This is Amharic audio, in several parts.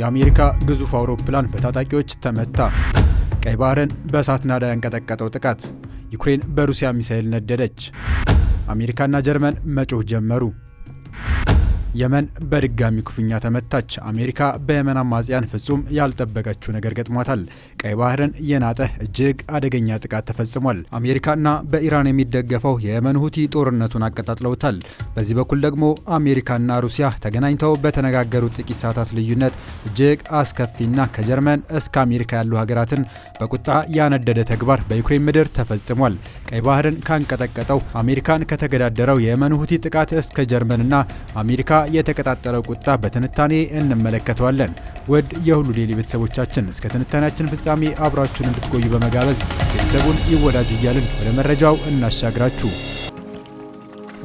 የአሜሪካ ግዙፍ አውሮፕላን በታጣቂዎች ተመታ። ቀይ ባህርን በእሳት ናዳ ያንቀጠቀጠው ጥቃት። ዩክሬን በሩሲያ ሚሳኤል ነደደች። አሜሪካና ጀርመን መጮህ ጀመሩ። የመን በድጋሚ ክፉኛ ተመታች። አሜሪካ በየመን አማጽያን ፍጹም ያልጠበቀችው ነገር ገጥሟታል። ቀይ ባህርን የናጠ እጅግ አደገኛ ጥቃት ተፈጽሟል። አሜሪካና በኢራን የሚደገፈው የየመን ሁቲ ጦርነቱን አቀጣጥለውታል። በዚህ በኩል ደግሞ አሜሪካና ሩሲያ ተገናኝተው በተነጋገሩ ጥቂት ሰዓታት ልዩነት እጅግ አስከፊና ከጀርመን እስከ አሜሪካ ያሉ ሀገራትን በቁጣ ያነደደ ተግባር በዩክሬን ምድር ተፈጽሟል። ቀይ ባህርን ካንቀጠቀጠው አሜሪካን ከተገዳደረው የየመን ሁቲ ጥቃት እስከ ጀርመንና አሜሪካ የተቀጣጠለው ቁጣ በትንታኔ እንመለከተዋለን። ውድ የሁሉ ዴይሊ ቤተሰቦቻችን እስከ ትንታኔያችን ፍጻሜ አብራችሁን እንድትቆዩ በመጋበዝ ቤተሰቡን ይወዳጅ እያልን ወደ መረጃው እናሻግራችሁ።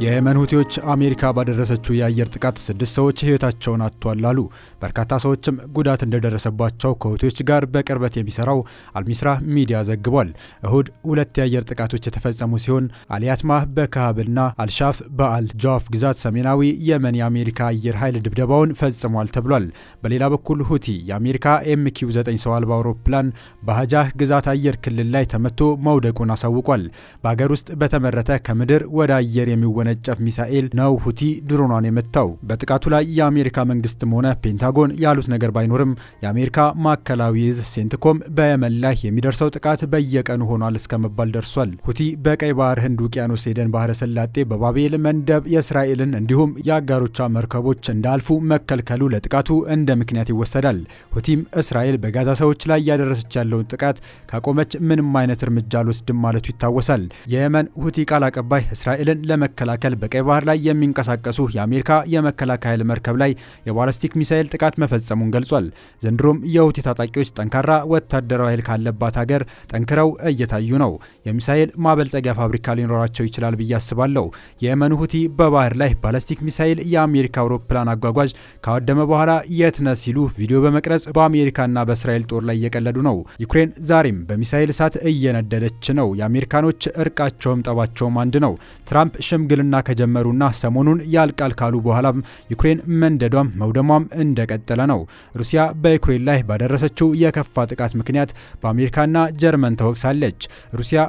የየመን ሁቲዎች አሜሪካ ባደረሰችው የአየር ጥቃት ስድስት ሰዎች ሕይወታቸውን አጥቷል አሉ። በርካታ ሰዎችም ጉዳት እንደደረሰባቸው ከሁቲዎች ጋር በቅርበት የሚሰራው አልሚስራ ሚዲያ ዘግቧል። እሁድ ሁለት የአየር ጥቃቶች የተፈጸሙ ሲሆን አልያትማህ በካሃብና አልሻፍ በአል ጃዋፍ ግዛት ሰሜናዊ የመን የአሜሪካ አየር ኃይል ድብደባውን ፈጽሟል ተብሏል። በሌላ በኩል ሁቲ የአሜሪካ ኤምኪው 9 ሰው አልባ አውሮፕላን በሀጃህ ግዛት አየር ክልል ላይ ተመቶ መውደቁን አሳውቋል። በሀገር ውስጥ በተመረተ ከምድር ወደ አየር የሚወነ የሚወነጨፍ ሚሳኤል ነው ሁቲ ድሮኗን የመታው። በጥቃቱ ላይ የአሜሪካ መንግስትም ሆነ ፔንታጎን ያሉት ነገር ባይኖርም የአሜሪካ ማዕከላዊ እዝ ሴንትኮም በየመን ላይ የሚደርሰው ጥቃት በየቀኑ ሆኗል እስከመባል ደርሷል። ሁቲ በቀይ ባህር ህንድ ውቅያኖስ፣ ኤደን ባህረ ሰላጤ፣ በባቤል መንደብ የእስራኤልን እንዲሁም የአጋሮቿ መርከቦች እንዳልፉ መከልከሉ ለጥቃቱ እንደ ምክንያት ይወሰዳል። ሁቲም እስራኤል በጋዛ ሰዎች ላይ እያደረሰች ያለውን ጥቃት ካቆመች ምንም አይነት እርምጃ አልወስድም ማለቱ ይታወሳል። የየመን ሁቲ ቃል አቀባይ እስራኤልን ለመከላ ለመከላከል በቀይ ባህር ላይ የሚንቀሳቀሱ የአሜሪካ የመከላከያ ኃይል መርከብ ላይ የባላስቲክ ሚሳኤል ጥቃት መፈጸሙን ገልጿል። ዘንድሮም የሁቲ ታጣቂዎች ጠንካራ ወታደራዊ ኃይል ካለባት ሀገር ጠንክረው እየታዩ ነው። የሚሳኤል ማበልጸጊያ ፋብሪካ ሊኖራቸው ይችላል ብዬ አስባለሁ። የየመኑ ሁቲ በባህር ላይ ባላስቲክ ሚሳኤል የአሜሪካ አውሮፕላን አጓጓዥ ካወደመ በኋላ የት ነ ሲሉ ቪዲዮ በመቅረጽ በአሜሪካና በእስራኤል ጦር ላይ እየቀለዱ ነው። ዩክሬን ዛሬም በሚሳኤል እሳት እየነደደች ነው። የአሜሪካኖች እርቃቸውም ጠባቸውም አንድ ነው። ትራምፕ ሽምግል ውክልና ከጀመሩና ሰሞኑን ያልቃል ካሉ በኋላ ዩክሬን መንደዷም መውደሟም እንደቀጠለ ነው። ሩሲያ በዩክሬን ላይ ባደረሰችው የከፋ ጥቃት ምክንያት በአሜሪካና ጀርመን ተወቅሳለች። ሩሲያ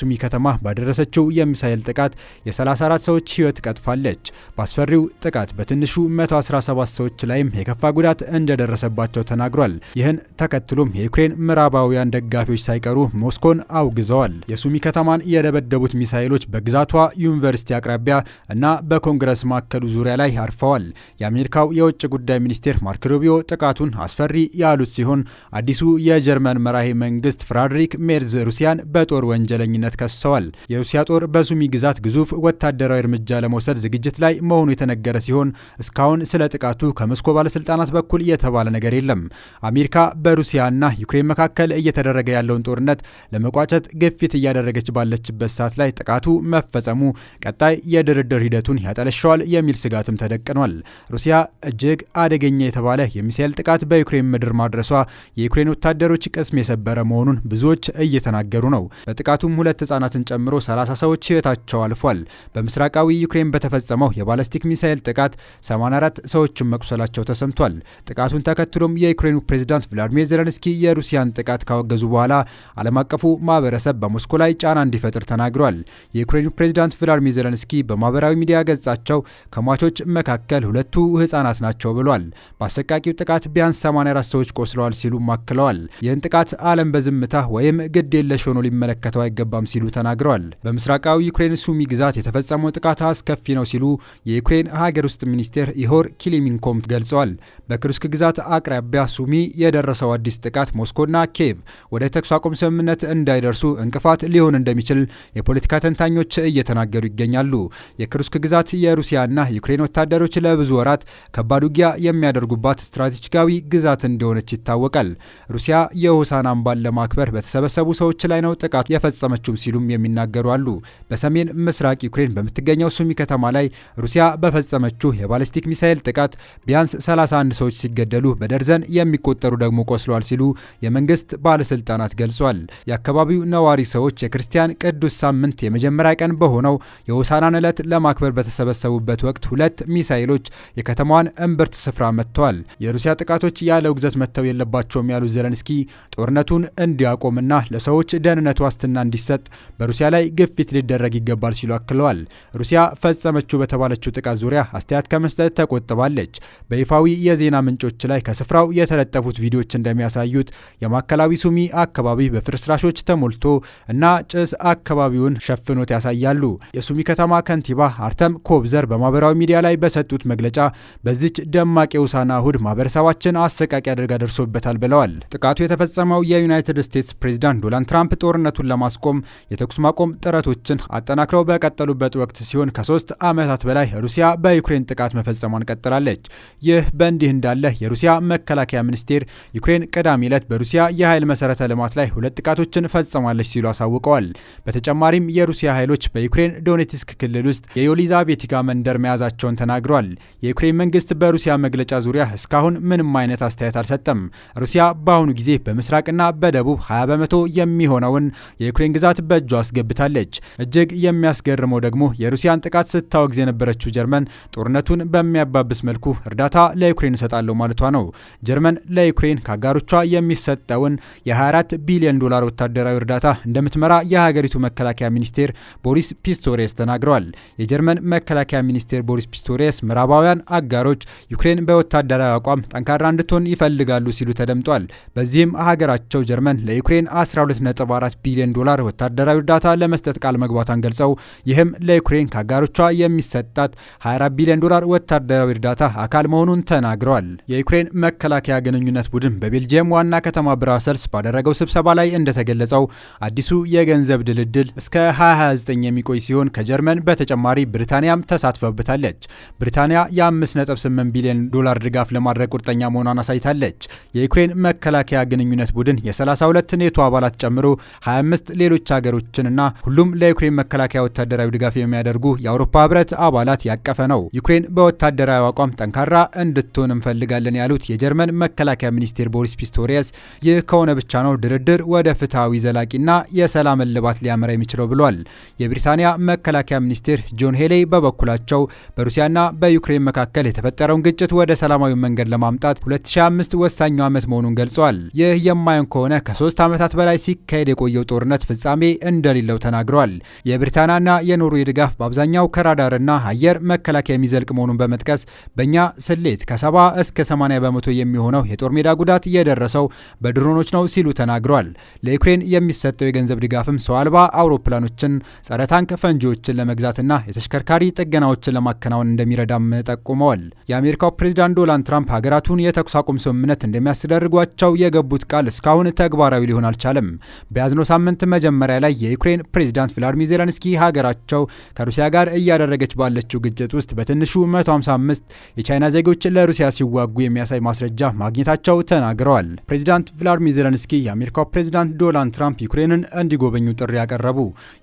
ሱሚ ከተማ ባደረሰችው የሚሳኤል ጥቃት የ34 ሰዎች ሕይወት ቀጥፋለች። በአስፈሪው ጥቃት በትንሹ 117 ሰዎች ላይም የከፋ ጉዳት እንደደረሰባቸው ተናግሯል። ይህን ተከትሎም የዩክሬን ምዕራባውያን ደጋፊዎች ሳይቀሩ ሞስኮን አውግዘዋል። የሱሚ ከተማን የደበደቡት ሚሳኤሎች በግዛቷ ዩኒቨርሲቲ አቅራቢያ እና በኮንግረስ ማዕከሉ ዙሪያ ላይ አርፈዋል። የአሜሪካው የውጭ ጉዳይ ሚኒስቴር ማርክ ሩቢዮ ጥቃቱን አስፈሪ ያሉት ሲሆን አዲሱ የጀርመን መራሄ መንግስት ፍራድሪክ ሜርዝ ሩሲያን በጦር ወንጀለኝነት ከሰዋል። የሩሲያ ጦር በሱሚ ግዛት ግዙፍ ወታደራዊ እርምጃ ለመውሰድ ዝግጅት ላይ መሆኑ የተነገረ ሲሆን እስካሁን ስለ ጥቃቱ ከሞስኮ ባለስልጣናት በኩል የተባለ ነገር የለም። አሜሪካ በሩሲያና ዩክሬን መካከል እየተደረገ ያለውን ጦርነት ለመቋጨት ግፊት እያደረገች ባለችበት ሰዓት ላይ ጥቃቱ መፈጸሙ ቀጣይ ላይ የድርድር ሂደቱን ያጠለሸዋል የሚል ስጋትም ተደቅኗል። ሩሲያ እጅግ አደገኛ የተባለ የሚሳኤል ጥቃት በዩክሬን ምድር ማድረሷ የዩክሬን ወታደሮች ቅስም የሰበረ መሆኑን ብዙዎች እየተናገሩ ነው። በጥቃቱም ሁለት ህጻናትን ጨምሮ 30 ሰዎች ህይወታቸው አልፏል። በምስራቃዊ ዩክሬን በተፈጸመው የባለስቲክ ሚሳኤል ጥቃት 84 ሰዎችን መቁሰላቸው ተሰምቷል። ጥቃቱን ተከትሎም የዩክሬኑ ፕሬዚዳንት ቭላዲሚር ዜለንስኪ የሩሲያን ጥቃት ካወገዙ በኋላ ዓለም አቀፉ ማህበረሰብ በሞስኮ ላይ ጫና እንዲፈጥር ተናግሯል። የዩክሬኑ ፕሬዚዳንት ቭላዲሚር ዜለንስ ዘለንስኪ በማህበራዊ ሚዲያ ገጻቸው ከሟቾች መካከል ሁለቱ ህጻናት ናቸው ብሏል። በአሰቃቂው ጥቃት ቢያንስ 84 ሰዎች ቆስለዋል ሲሉ አክለዋል። ይህን ጥቃት ዓለም በዝምታ ወይም ግድ የለሽ ሆኖ ሊመለከተው አይገባም ሲሉ ተናግረዋል። በምስራቃዊ ዩክሬን ሱሚ ግዛት የተፈጸመው ጥቃት አስከፊ ነው ሲሉ የዩክሬን ሀገር ውስጥ ሚኒስቴር ኢሆር ኪሊሚንኮም ገልጸዋል። በክሩስክ ግዛት አቅራቢያ ሱሚ የደረሰው አዲስ ጥቃት ሞስኮና ኬቭ ወደ ተኩስ አቁም ስምምነት እንዳይደርሱ እንቅፋት ሊሆን እንደሚችል የፖለቲካ ተንታኞች እየተናገሩ ይገኛሉ። ይገኛሉ። የክሩስክ ግዛት የሩሲያና ዩክሬን ወታደሮች ለብዙ ወራት ከባድ ውጊያ የሚያደርጉባት ስትራቴጂካዊ ግዛት እንደሆነች ይታወቃል። ሩሲያ የሆሳና አምባን ለማክበር በተሰበሰቡ ሰዎች ላይ ነው ጥቃት የፈጸመችውም ሲሉም የሚናገሩ አሉ። በሰሜን ምስራቅ ዩክሬን በምትገኘው ሱሚ ከተማ ላይ ሩሲያ በፈጸመችው የባለስቲክ ሚሳኤል ጥቃት ቢያንስ 31 ሰዎች ሲገደሉ በደርዘን የሚቆጠሩ ደግሞ ቆስለዋል ሲሉ የመንግስት ባለስልጣናት ገልጿል። የአካባቢው ነዋሪ ሰዎች የክርስቲያን ቅዱስ ሳምንት የመጀመሪያ ቀን በሆነው የሆሳ የሆሳናን ዕለት ለማክበር በተሰበሰቡበት ወቅት ሁለት ሚሳኤሎች የከተማዋን እምብርት ስፍራ መጥተዋል። የሩሲያ ጥቃቶች ያለ ውግዘት መተው የለባቸውም ያሉት ዘለንስኪ ጦርነቱን እንዲያቆምና ለሰዎች ደህንነት ዋስትና እንዲሰጥ በሩሲያ ላይ ግፊት ሊደረግ ይገባል ሲሉ አክለዋል። ሩሲያ ፈጸመችው በተባለችው ጥቃት ዙሪያ አስተያየት ከመስጠት ተቆጥባለች። በይፋዊ የዜና ምንጮች ላይ ከስፍራው የተለጠፉት ቪዲዮዎች እንደሚያሳዩት የማዕከላዊ ሱሚ አካባቢ በፍርስራሾች ተሞልቶ እና ጭስ አካባቢውን ሸፍኖት ያሳያሉ። የሱሚ ከተማ ከተማ ከንቲባ አርተም ኮብዘር በማህበራዊ ሚዲያ ላይ በሰጡት መግለጫ በዚች ደማቅ የውሳና እሁድ ማህበረሰባችን አሰቃቂ አደጋ ደርሶበታል ብለዋል። ጥቃቱ የተፈጸመው የዩናይትድ ስቴትስ ፕሬዚዳንት ዶናልድ ትራምፕ ጦርነቱን ለማስቆም የተኩስ ማቆም ጥረቶችን አጠናክረው በቀጠሉበት ወቅት ሲሆን ከሶስት ዓመታት በላይ ሩሲያ በዩክሬን ጥቃት መፈጸሟን ቀጥላለች። ይህ በእንዲህ እንዳለ የሩሲያ መከላከያ ሚኒስቴር ዩክሬን ቅዳሜ ዕለት በሩሲያ የኃይል መሰረተ ልማት ላይ ሁለት ጥቃቶችን ፈጽማለች ሲሉ አሳውቀዋል። በተጨማሪም የሩሲያ ኃይሎች በዩክሬን ዶኔትስክ ክልል ውስጥ የዮሊዛቤቲካ መንደር መያዛቸውን ተናግረዋል። የዩክሬን መንግስት በሩሲያ መግለጫ ዙሪያ እስካሁን ምንም አይነት አስተያየት አልሰጠም። ሩሲያ በአሁኑ ጊዜ በምስራቅና በደቡብ 20 በመቶ የሚሆነውን የዩክሬን ግዛት በእጇ አስገብታለች። እጅግ የሚያስገርመው ደግሞ የሩሲያን ጥቃት ስታወግዝ የነበረችው ጀርመን ጦርነቱን በሚያባብስ መልኩ እርዳታ ለዩክሬን እሰጣለሁ ማለቷ ነው። ጀርመን ለዩክሬን ከአጋሮቿ የሚሰጠውን የ24 ቢሊዮን ዶላር ወታደራዊ እርዳታ እንደምትመራ የሀገሪቱ መከላከያ ሚኒስቴር ቦሪስ ፒስቶሬስ ተናግረዋል። ተናግረዋል። የጀርመን መከላከያ ሚኒስቴር ቦሪስ ፒስቶሪየስ ምዕራባውያን አጋሮች ዩክሬን በወታደራዊ አቋም ጠንካራ እንድትሆን ይፈልጋሉ ሲሉ ተደምጧል። በዚህም ሀገራቸው ጀርመን ለዩክሬን 12.4 ቢሊዮን ዶላር ወታደራዊ እርዳታ ለመስጠት ቃል መግባቷን ገልጸው ይህም ለዩክሬን ከአጋሮቿ የሚሰጣት 24 ቢሊዮን ዶላር ወታደራዊ እርዳታ አካል መሆኑን ተናግረዋል። የዩክሬን መከላከያ ግንኙነት ቡድን በቤልጅየም ዋና ከተማ ብራሰልስ ባደረገው ስብሰባ ላይ እንደተገለጸው አዲሱ የገንዘብ ድልድል እስከ 2029 የሚቆይ ሲሆን ከጀርመን ጀርመን በተጨማሪ ብሪታንያም ተሳትፈብታለች። ብሪታንያ የ5.8 ቢሊዮን ዶላር ድጋፍ ለማድረግ ቁርጠኛ መሆኗን አሳይታለች። የዩክሬን መከላከያ ግንኙነት ቡድን የ32 ኔቶ አባላት ጨምሮ 25 ሌሎች ሀገሮችንና ሁሉም ለዩክሬን መከላከያ ወታደራዊ ድጋፍ የሚያደርጉ የአውሮፓ ህብረት አባላት ያቀፈ ነው። ዩክሬን በወታደራዊ አቋም ጠንካራ እንድትሆን እንፈልጋለን ያሉት የጀርመን መከላከያ ሚኒስቴር ቦሪስ ፒስቶሪየስ ይህ ከሆነ ብቻ ነው ድርድር ወደ ፍትሐዊ ዘላቂና የሰላም እልባት ሊያመራ የሚችለው ብሏል። የብሪታንያ መከላከያ የመከላከያ ሚኒስቴር ጆን ሄሌ በበኩላቸው በሩሲያና በዩክሬን መካከል የተፈጠረውን ግጭት ወደ ሰላማዊ መንገድ ለማምጣት 2025 ወሳኙ ዓመት መሆኑን ገልጸዋል። ይህ የማይሆን ከሆነ ከሶስት ዓመታት በላይ ሲካሄድ የቆየው ጦርነት ፍጻሜ እንደሌለው ተናግረዋል። የብሪታንያና የኖርዌይ ድጋፍ በአብዛኛው ከራዳርና አየር መከላከያ የሚዘልቅ መሆኑን በመጥቀስ በእኛ ስሌት ከ70 እስከ 80 በመቶ የሚሆነው የጦር ሜዳ ጉዳት የደረሰው በድሮኖች ነው ሲሉ ተናግረዋል። ለዩክሬን የሚሰጠው የገንዘብ ድጋፍም ሰው አልባ አውሮፕላኖችን፣ ጸረ ታንክ ፈንጂዎችን ለመግዛትና የተሽከርካሪ ጥገናዎችን ለማከናወን እንደሚረዳም ጠቁመዋል። የአሜሪካው ፕሬዚዳንት ዶናልድ ትራምፕ ሀገራቱን የተኩስ አቁም ስምምነት እንደሚያስደርጓቸው የገቡት ቃል እስካሁን ተግባራዊ ሊሆን አልቻለም። በያዝነው ሳምንት መጀመሪያ ላይ የዩክሬን ፕሬዚዳንት ቭላድሚር ዜለንስኪ ሀገራቸው ከሩሲያ ጋር እያደረገች ባለችው ግጭት ውስጥ በትንሹ 155 የቻይና ዜጎች ለሩሲያ ሲዋጉ የሚያሳይ ማስረጃ ማግኘታቸው ተናግረዋል። ፕሬዚዳንት ቭላዲሚር ዜለንስኪ የአሜሪካው ፕሬዚዳንት ዶናልድ ትራምፕ ዩክሬንን እንዲጎበኙ ጥሪ ያቀረቡ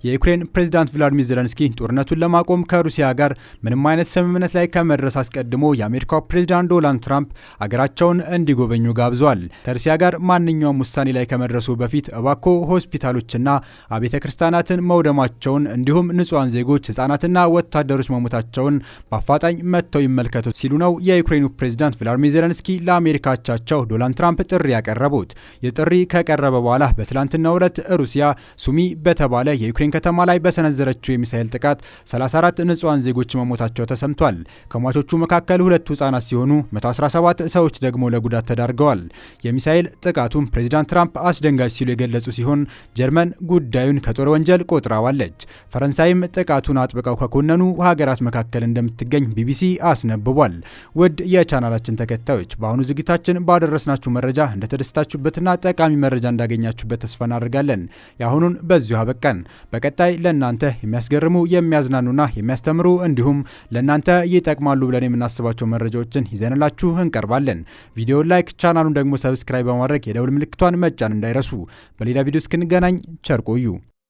የዩክሬን ፕሬዚዳንት ቭላዲሚር ዜለንስኪ ጦርነቱን ለማቆም ከሩሲያ ጋር ምንም አይነት ስምምነት ላይ ከመድረስ አስቀድሞ የአሜሪካው ፕሬዚዳንት ዶናልድ ትራምፕ አገራቸውን እንዲጎበኙ ጋብዟል። ከሩሲያ ጋር ማንኛውም ውሳኔ ላይ ከመድረሱ በፊት እባኮ ሆስፒታሎችና አቤተ ክርስቲያናትን መውደማቸውን እንዲሁም ንጹሐን ዜጎች ህጻናትና ወታደሮች መሞታቸውን በአፋጣኝ መጥተው ይመልከቱ ሲሉ ነው የዩክሬኑ ፕሬዚዳንት ቭላድሚር ዜለንስኪ ለአሜሪካቻቸው ዶናልድ ትራምፕ ጥሪ ያቀረቡት። የጥሪ ጥሪ ከቀረበ በኋላ በትላንትናው ዕለት ሩሲያ ሱሚ በተባለ የዩክሬን ከተማ ላይ በሰነዘረችው የሚሳኤል ጥቃት ጥቃት 34 ንጹሐን ዜጎች መሞታቸው ተሰምቷል። ከሟቾቹ መካከል ሁለቱ ህጻናት ሲሆኑ 117 ሰዎች ደግሞ ለጉዳት ተዳርገዋል። የሚሳኤል ጥቃቱም ፕሬዚዳንት ትራምፕ አስደንጋጭ ሲሉ የገለጹ ሲሆን ጀርመን ጉዳዩን ከጦር ወንጀል ቆጥራዋለች። ፈረንሳይም ጥቃቱን አጥብቀው ከኮነኑ ሀገራት መካከል እንደምትገኝ ቢቢሲ አስነብቧል። ውድ የቻናላችን ተከታዮች በአሁኑ ዝግጅታችን ባደረስናችሁ መረጃ እንደተደስታችሁበትና ጠቃሚ መረጃ እንዳገኛችሁበት ተስፋ እናደርጋለን። የአሁኑን በዚሁ አበቃን። በቀጣይ ለእናንተ የሚያስገርሙ የሚያዝናኑና የሚያስተምሩ እንዲሁም ለእናንተ ይጠቅማሉ ብለን የምናስባቸው መረጃዎችን ይዘንላችሁ እንቀርባለን። ቪዲዮ ላይክ፣ ቻናሉን ደግሞ ሰብስክራይብ በማድረግ የደውል ምልክቷን መጫን እንዳይረሱ። በሌላ ቪዲዮ እስክንገናኝ ቸር ቆዩ።